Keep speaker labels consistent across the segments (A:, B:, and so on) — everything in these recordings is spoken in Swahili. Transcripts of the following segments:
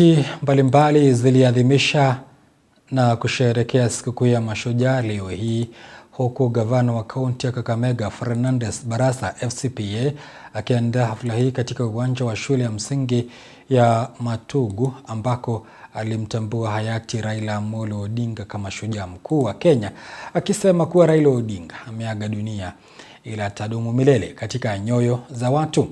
A: Nchi mbalimbali ziliadhimisha na kusherehekea sikukuu ya Mashujaa leo hii huku gavana wa kaunti ya Kakamega Fernandes Barasa FCPA akiandaa hafla hii katika uwanja wa shule ya msingi ya Matugu ambako alimtambua hayati Raila Amolo Odinga kama shujaa mkuu wa Kenya, akisema kuwa Raila Odinga ameaga dunia ila atadumu milele katika nyoyo za watu.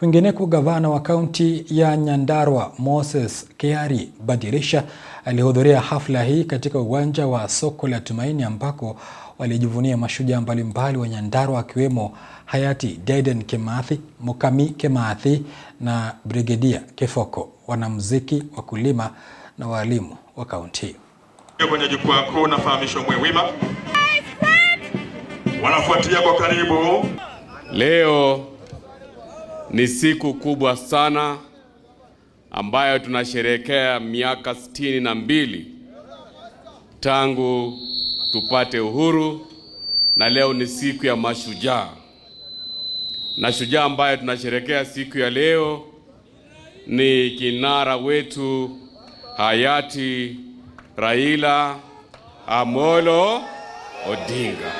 A: Kwingineko, gavana wa kaunti ya Nyandarua Moses Kiari Badirisha alihudhuria hafla hii katika uwanja wa soko la Tumaini ambako walijivunia mashujaa mbalimbali wa Nyandarua akiwemo hayati Dedan Kimathi, Mukami Kimathi na Brigedia Kifoko, wanamuziki, wakulima na walimu wa kaunti Kwenye jukwaa kuu nafahamisho mwewima
B: wanafuatia kwa karibu leo ni siku kubwa sana ambayo tunasherehekea miaka sitini na mbili tangu tupate uhuru, na leo ni siku ya mashujaa, na shujaa ambayo tunasherehekea siku ya leo ni kinara wetu hayati Raila Amolo Odinga.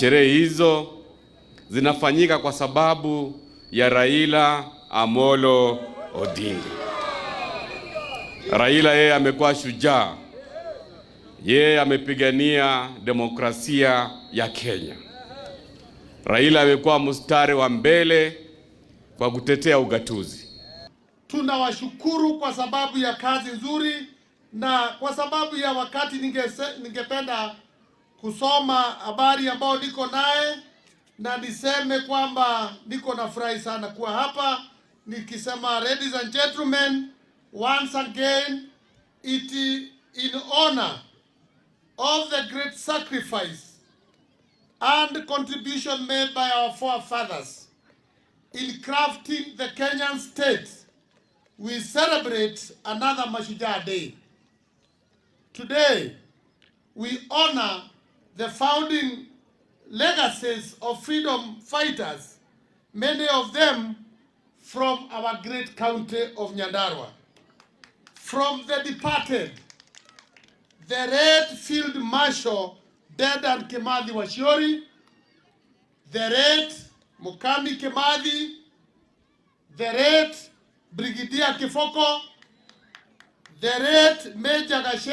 B: Sherehe hizo zinafanyika kwa sababu ya Raila Amolo Odinga. Raila yeye amekuwa shujaa, yeye amepigania demokrasia ya Kenya. Raila amekuwa mstari wa mbele kwa kutetea ugatuzi.
C: Tunawashukuru kwa sababu ya kazi nzuri na kwa sababu ya wakati, ningependa ninge kusoma habari ambayo niko naye na niseme kwamba niko na furahi sana kuwa hapa
D: nikisema, ladies and gentlemen, once again it in honor of the great sacrifice and contribution made by our forefathers in crafting the Kenyan state we celebrate another Mashujaa Day. Today we honor the founding legacies of freedom fighters, many of them from our great county of Nyandarua. From the departed, the Red Field Marshal Dedan Kimathi Washiori, the Red Mukami Kimathi, the Red brigidia Kifoko, the Red Major Gashe